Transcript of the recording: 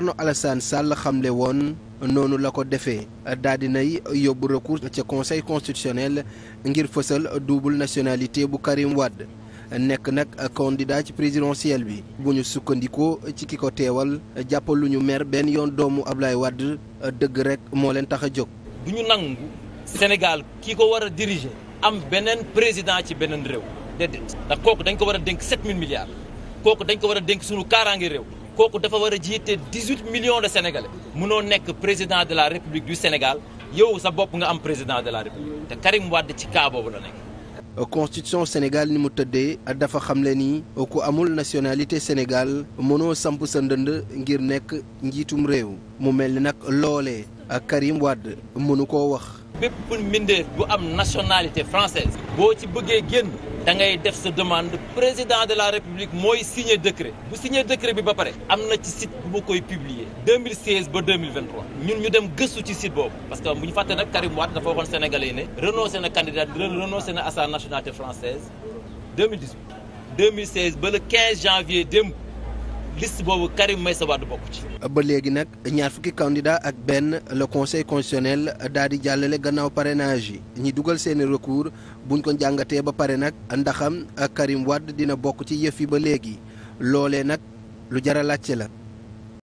Thierno Alassane Sall xamle woon noonu la ko defee daal nay yóbbu recours ca conseil constitutionnel ngir fësal double nationalité bu Karim wàdd nekk nag candidat ci présidentiel bi bu ñu sukkandikoo ci ki ko teewal jàppaluñu ñu mer benn yoon doomu Ablaye wàdd dëgg rek moo leen tax a jóg. du ñu nangu Sénégal ki ko war a diriger am beneen président ci beneen réew déedéet ndax kooku dañ ko war a dénk 7000 milliards kooku dañ ko war a dénk suñu kaaraange réew. kooku dafa war a jiite dix-huit millions de sénégalais mënoo nekk président de la république du Sénégal yow sa bopp nga am président de la république te Karim wadd ci kaaboo boobu la nekk. constitution Sénégal ni mu tëddee dafa xamle ni ku amul nationalité Sénégal mënoo samp sa ndënd ngir nekk njiitum réew mu mel ni nag loole Karim wadd mënu koo wax. bépp mbindeef bu am nationalité française boo ci bëggee génn da ngay def sa demande président de la république mooy signé décret bu signé décret bi ba pare am na ci site bu ma koy publier 2016 ba 2023 ñun ñu dem gëstu ci site boobu parce que bu ñu fàtte nag Karim Wade dafa waxoon sénégalais yi ne renoncé na candidat renoncé na à sa nationalité française 2018 2016 ba le 15 janvier démb liste boobu Karim Meïssa Wade bokk ci. ba léegi nag ñaar fukki candidat ak benn le conseil constitutionnel daal di jàllale gannaaw parrainage yi ñi dugal seeni recours buñ ko jàngatee ba pare nag ndaxam Karim Wade dina bokk ci yëf yi ba léegi loolee nag lu jar a laajte la.